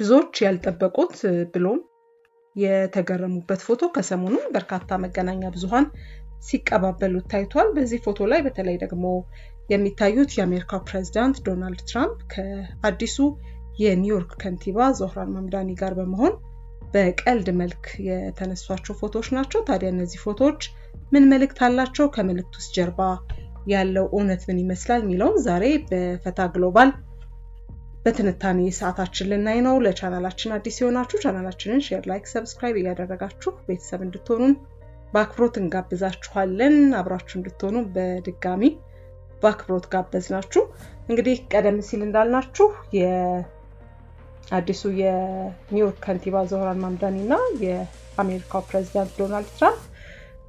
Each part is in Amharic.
ብዙዎች ያልጠበቁት ብሎም የተገረሙበት ፎቶ ከሰሞኑ በርካታ መገናኛ ብዙሀን ሲቀባበሉት ታይቷል። በዚህ ፎቶ ላይ በተለይ ደግሞ የሚታዩት የአሜሪካው ፕሬዚዳንት ዶናልድ ትራምፕ ከአዲሱ የኒውዮርክ ከንቲባ ዞህራን መምዳኒ ጋር በመሆን በቀልድ መልክ የተነሷቸው ፎቶዎች ናቸው። ታዲያ እነዚህ ፎቶዎች ምን መልእክት አላቸው? ከመልእክት ውስጥ ጀርባ ያለው እውነት ምን ይመስላል? የሚለውም ዛሬ በፈታ ግሎባል በትንታኔ ሰዓታችን ልናይ ነው። ለቻናላችን አዲስ የሆናችሁ ቻናላችንን ሼር፣ ላይክ፣ ሰብስክራይብ እያደረጋችሁ ቤተሰብ እንድትሆኑን በአክብሮት እንጋብዛችኋለን። አብራችሁ እንድትሆኑ በድጋሚ በአክብሮት ጋበዝናችሁ። እንግዲህ ቀደም ሲል እንዳልናችሁ የአዲሱ የኒውዮርክ ከንቲባ ዞህራን ማምዳኒ እና የአሜሪካው ፕሬዚዳንት ዶናልድ ትራምፕ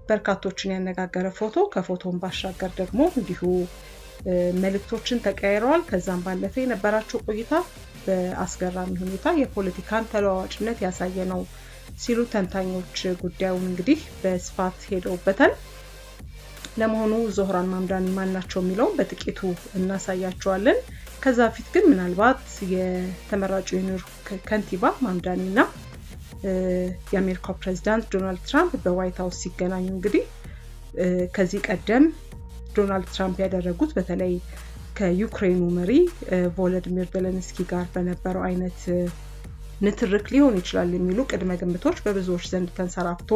በርካቶችን ያነጋገረ ፎቶ ከፎቶን ባሻገር ደግሞ እንዲሁ መልእክቶችን ተቀያይረዋል። ከዛም ባለፈ የነበራቸው ቆይታ በአስገራሚ ሁኔታ የፖለቲካን ተለዋዋጭነት ያሳየ ነው ሲሉ ተንታኞች ጉዳዩን እንግዲህ በስፋት ሄደውበታል። ለመሆኑ ዞህራን ማምዳኒ ማን ናቸው የሚለውን በጥቂቱ እናሳያቸዋለን። ከዛ ፊት ግን ምናልባት የተመራጩ የኒውዮርክ ከንቲባ ማምዳኒ እና የአሜሪካው ፕሬዚዳንት ዶናልድ ትራምፕ በዋይት ሀውስ ሲገናኙ እንግዲህ ከዚህ ቀደም ዶናልድ ትራምፕ ያደረጉት በተለይ ከዩክሬኑ መሪ ቮለድሚር ዘለንስኪ ጋር በነበረው አይነት ንትርክ ሊሆን ይችላል የሚሉ ቅድመ ግምቶች በብዙዎች ዘንድ ተንሰራፍቶ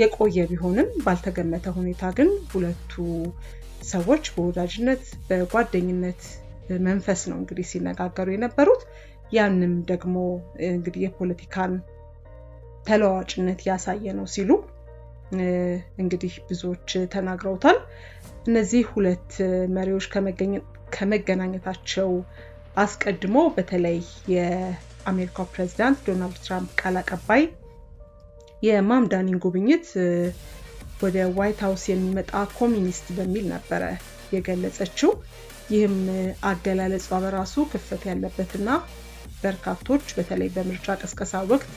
የቆየ ቢሆንም ባልተገመተ ሁኔታ ግን ሁለቱ ሰዎች በወዳጅነት በጓደኝነት መንፈስ ነው እንግዲህ ሲነጋገሩ የነበሩት። ያንም ደግሞ እንግዲህ የፖለቲካን ተለዋዋጭነት ያሳየ ነው ሲሉ እንግዲህ ብዙዎች ተናግረውታል። እነዚህ ሁለት መሪዎች ከመገናኘታቸው አስቀድሞ በተለይ የአሜሪካው ፕሬዚዳንት ዶናልድ ትራምፕ ቃል አቀባይ የማምዳኒን ጉብኝት ወደ ዋይት ሀውስ የሚመጣ ኮሚኒስት በሚል ነበረ የገለጸችው። ይህም አገላለጿ በራሱ ክፍተት ያለበትና በርካቶች በተለይ በምርጫ ቀስቀሳ ወቅት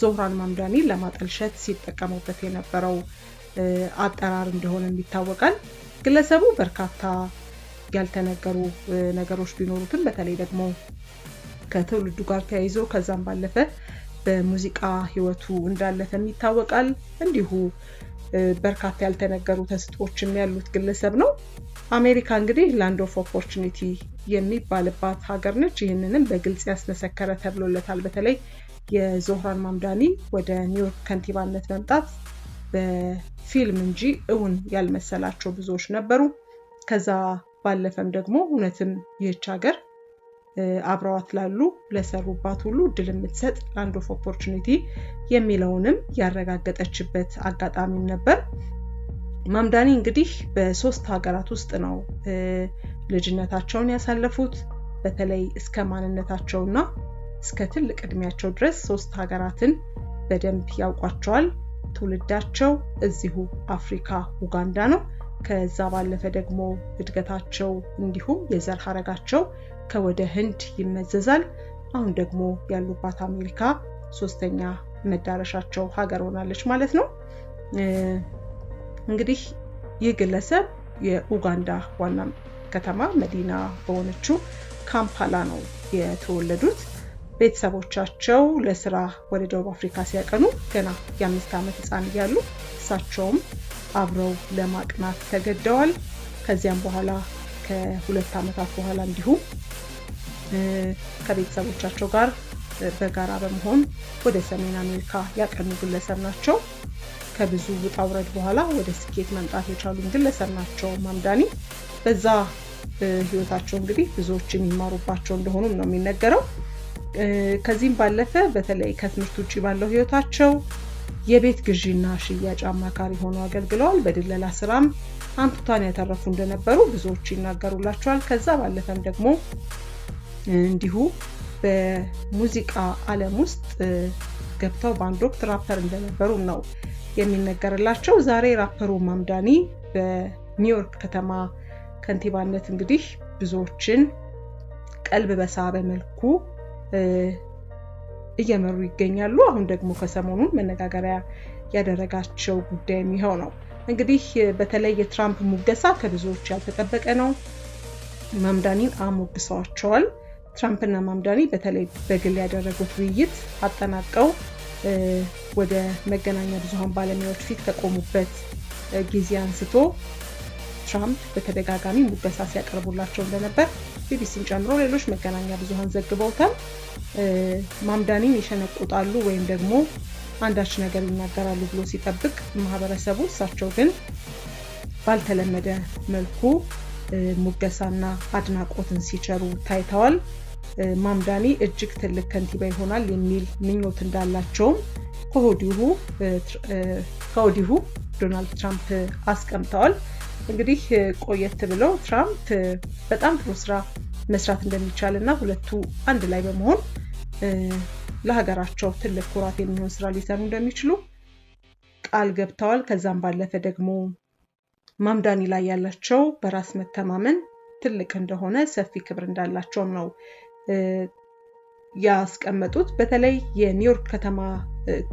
ዞህራን ማምዳኒ ለማጠልሸት ሲጠቀሙበት የነበረው አጠራር እንደሆነም ይታወቃል። ግለሰቡ በርካታ ያልተነገሩ ነገሮች ቢኖሩትም በተለይ ደግሞ ከትውልዱ ጋር ተያይዞ ከዛም ባለፈ በሙዚቃ ህይወቱ እንዳለፈም ይታወቃል። እንዲሁ በርካታ ያልተነገሩ ተስጦችም ያሉት ግለሰብ ነው። አሜሪካ እንግዲህ ላንድ ኦፍ ኦፖርቹኒቲ የሚባልባት ሀገር ነች። ይህንንም በግልጽ ያስመሰከረ ተብሎለታል። በተለይ የዞህራን ማምዳኒ ወደ ኒውዮርክ ከንቲባነት መምጣት በፊልም እንጂ እውን ያልመሰላቸው ብዙዎች ነበሩ። ከዛ ባለፈም ደግሞ እውነትም ይህች ሀገር አብረዋት ላሉ ለሰሩባት ሁሉ እድል የምትሰጥ ላንድ ኦፍ ኦፖርቹኒቲ የሚለውንም ያረጋገጠችበት አጋጣሚም ነበር። ማምዳኒ እንግዲህ በሶስት ሀገራት ውስጥ ነው ልጅነታቸውን ያሳለፉት። በተለይ እስከ ማንነታቸውና እስከ ትልቅ እድሜያቸው ድረስ ሶስት ሀገራትን በደንብ ያውቋቸዋል። ትውልዳቸው እዚሁ አፍሪካ ኡጋንዳ ነው። ከዛ ባለፈ ደግሞ እድገታቸው እንዲሁም የዘር ሀረጋቸው ከወደ ህንድ ይመዘዛል። አሁን ደግሞ ያሉባት አሜሪካ ሶስተኛ መዳረሻቸው ሀገር ሆናለች ማለት ነው። እንግዲህ ይህ ግለሰብ የኡጋንዳ ዋና ከተማ መዲና በሆነችው ካምፓላ ነው የተወለዱት። ቤተሰቦቻቸው ለስራ ወደ ደቡብ አፍሪካ ሲያቀኑ ገና የአምስት ዓመት ህፃን እያሉ እሳቸውም አብረው ለማቅናት ተገደዋል። ከዚያም በኋላ ከሁለት ዓመታት በኋላ እንዲሁም ከቤተሰቦቻቸው ጋር በጋራ በመሆን ወደ ሰሜን አሜሪካ ያቀኑ ግለሰብ ናቸው። ከብዙ ውጣ ውረድ በኋላ ወደ ስኬት መምጣት የቻሉን ግለሰብ ናቸው ማምዳኒ። በዛ ህይወታቸው እንግዲህ ብዙዎች የሚማሩባቸው እንደሆኑም ነው የሚነገረው። ከዚህም ባለፈ በተለይ ከትምህርት ውጭ ባለው ህይወታቸው የቤት ግዢና ሽያጭ አማካሪ ሆኖ አገልግለዋል። በድለላ ስራም አንቱታን ያተረፉ እንደነበሩ ብዙዎች ይናገሩላቸዋል። ከዛ ባለፈም ደግሞ እንዲሁ በሙዚቃ ዓለም ውስጥ ገብተው በአንድ ወቅት ራፐር እንደነበሩ ነው የሚነገርላቸው። ዛሬ ራፐሩ ማምዳኒ በኒውዮርክ ከተማ ከንቲባነት እንግዲህ ብዙዎችን ቀልብ በሳበ መልኩ እየመሩ ይገኛሉ። አሁን ደግሞ ከሰሞኑን መነጋገሪያ ያደረጋቸው ጉዳይ የሚሆነው እንግዲህ በተለይ የትራምፕ ሙገሳ ከብዙዎች ያልተጠበቀ ነው። ማምዳኒን አሞግሰዋቸዋል። ትራምፕና ማምዳኒ በተለይ በግል ያደረጉት ውይይት አጠናቀው ወደ መገናኛ ብዙሃን ባለሙያዎች ፊት ከቆሙበት ጊዜ አንስቶ ትራምፕ በተደጋጋሚ ሙገሳ ሲያቀርቡላቸው እንደነበር ቢቢሲን ጨምሮ ሌሎች መገናኛ ብዙሃን ዘግበውታል። ማምዳኒን ይሸነቁጣሉ ወይም ደግሞ አንዳች ነገር ይናገራሉ ብሎ ሲጠብቅ ማህበረሰቡ፣ እሳቸው ግን ባልተለመደ መልኩ ሙገሳና አድናቆትን ሲቸሩ ታይተዋል። ማምዳኒ እጅግ ትልቅ ከንቲባ ይሆናል የሚል ምኞት እንዳላቸውም ከወዲሁ ዶናልድ ትራምፕ አስቀምጠዋል። እንግዲህ ቆየት ብለው ትራምፕ በጣም ጥሩ ስራ መስራት እንደሚቻል እና ሁለቱ አንድ ላይ በመሆን ለሀገራቸው ትልቅ ኩራት የሚሆን ስራ ሊሰሩ እንደሚችሉ ቃል ገብተዋል። ከዛም ባለፈ ደግሞ ማምዳኒ ላይ ያላቸው በራስ መተማመን ትልቅ እንደሆነ ሰፊ ክብር እንዳላቸውም ነው ያስቀመጡት። በተለይ የኒውዮርክ ከተማ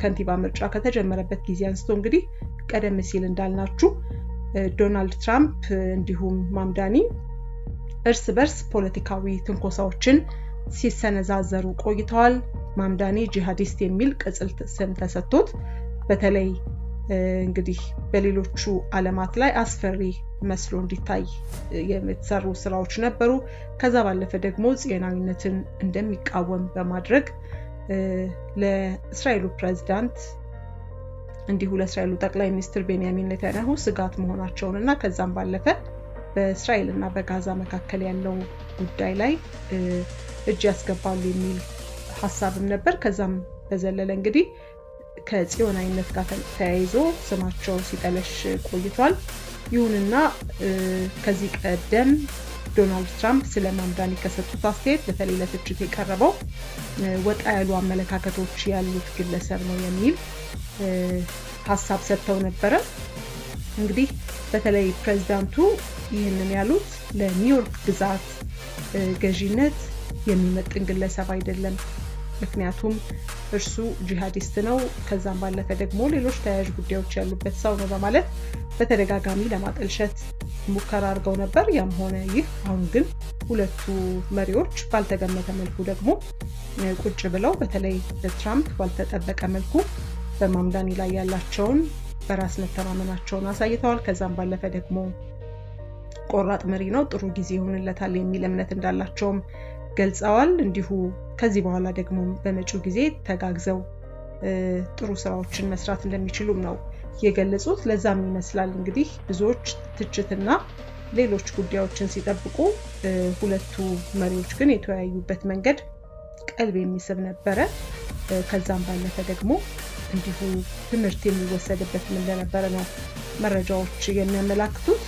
ከንቲባ ምርጫ ከተጀመረበት ጊዜ አንስቶ እንግዲህ ቀደም ሲል እንዳልናችሁ ዶናልድ ትራምፕ እንዲሁም ማምዳኒ እርስ በርስ ፖለቲካዊ ትንኮሳዎችን ሲሰነዛዘሩ ቆይተዋል። ማምዳኒ ጂሃዲስት የሚል ቅጽል ስም ተሰጥቶት በተለይ እንግዲህ በሌሎቹ አለማት ላይ አስፈሪ መስሎ እንዲታይ የተሰሩ ስራዎች ነበሩ። ከዛ ባለፈ ደግሞ ጤናዊነትን እንደሚቃወም በማድረግ ለእስራኤሉ ፕሬዚዳንት። እንዲሁ ለእስራኤሉ ጠቅላይ ሚኒስትር ቤንያሚን ኔታንያሁ ስጋት መሆናቸውን እና ከዛም ባለፈ በእስራኤል እና በጋዛ መካከል ያለው ጉዳይ ላይ እጅ ያስገባሉ የሚል ሀሳብም ነበር። ከዛም በዘለለ እንግዲህ ከጽዮናዊነት ጋር ተያይዞ ስማቸው ሲጠለሽ ቆይቷል። ይሁንና ከዚህ ቀደም ዶናልድ ትራምፕ ስለ ማምዳኒ ከሰጡት አስተያየት በተለይ ለትችት የቀረበው ወጣ ያሉ አመለካከቶች ያሉት ግለሰብ ነው የሚል ሀሳብ ሰጥተው ነበረ። እንግዲህ በተለይ ፕሬዚዳንቱ ይህንን ያሉት ለኒውዮርክ ግዛት ገዢነት የሚመጥን ግለሰብ አይደለም። ምክንያቱም እርሱ ጂሃዲስት ነው፣ ከዛም ባለፈ ደግሞ ሌሎች ተያያዥ ጉዳዮች ያሉበት ሰው ነው በማለት በተደጋጋሚ ለማጠልሸት ሙከራ አድርገው ነበር። ያም ሆነ ይህ አሁን ግን ሁለቱ መሪዎች ባልተገመተ መልኩ ደግሞ ቁጭ ብለው በተለይ ትራምፕ ባልተጠበቀ መልኩ በማምዳኒ ላይ ያላቸውን በራስ መተማመናቸውን አሳይተዋል። ከዛም ባለፈ ደግሞ ቆራጥ መሪ ነው፣ ጥሩ ጊዜ ይሆንለታል የሚል እምነት እንዳላቸውም ገልጸዋል። እንዲሁ ከዚህ በኋላ ደግሞ በመጪው ጊዜ ተጋግዘው ጥሩ ስራዎችን መስራት እንደሚችሉም ነው የገለጹት። ለዛም ይመስላል እንግዲህ ብዙዎች ትችትና ሌሎች ጉዳዮችን ሲጠብቁ ሁለቱ መሪዎች ግን የተወያዩበት መንገድ ቀልብ የሚስብ ነበረ። ከዛም ባለፈ ደግሞ እንዲሁ ትምህርት የሚወሰድበት እንደነበረ ነው መረጃዎች የሚያመላክቱት።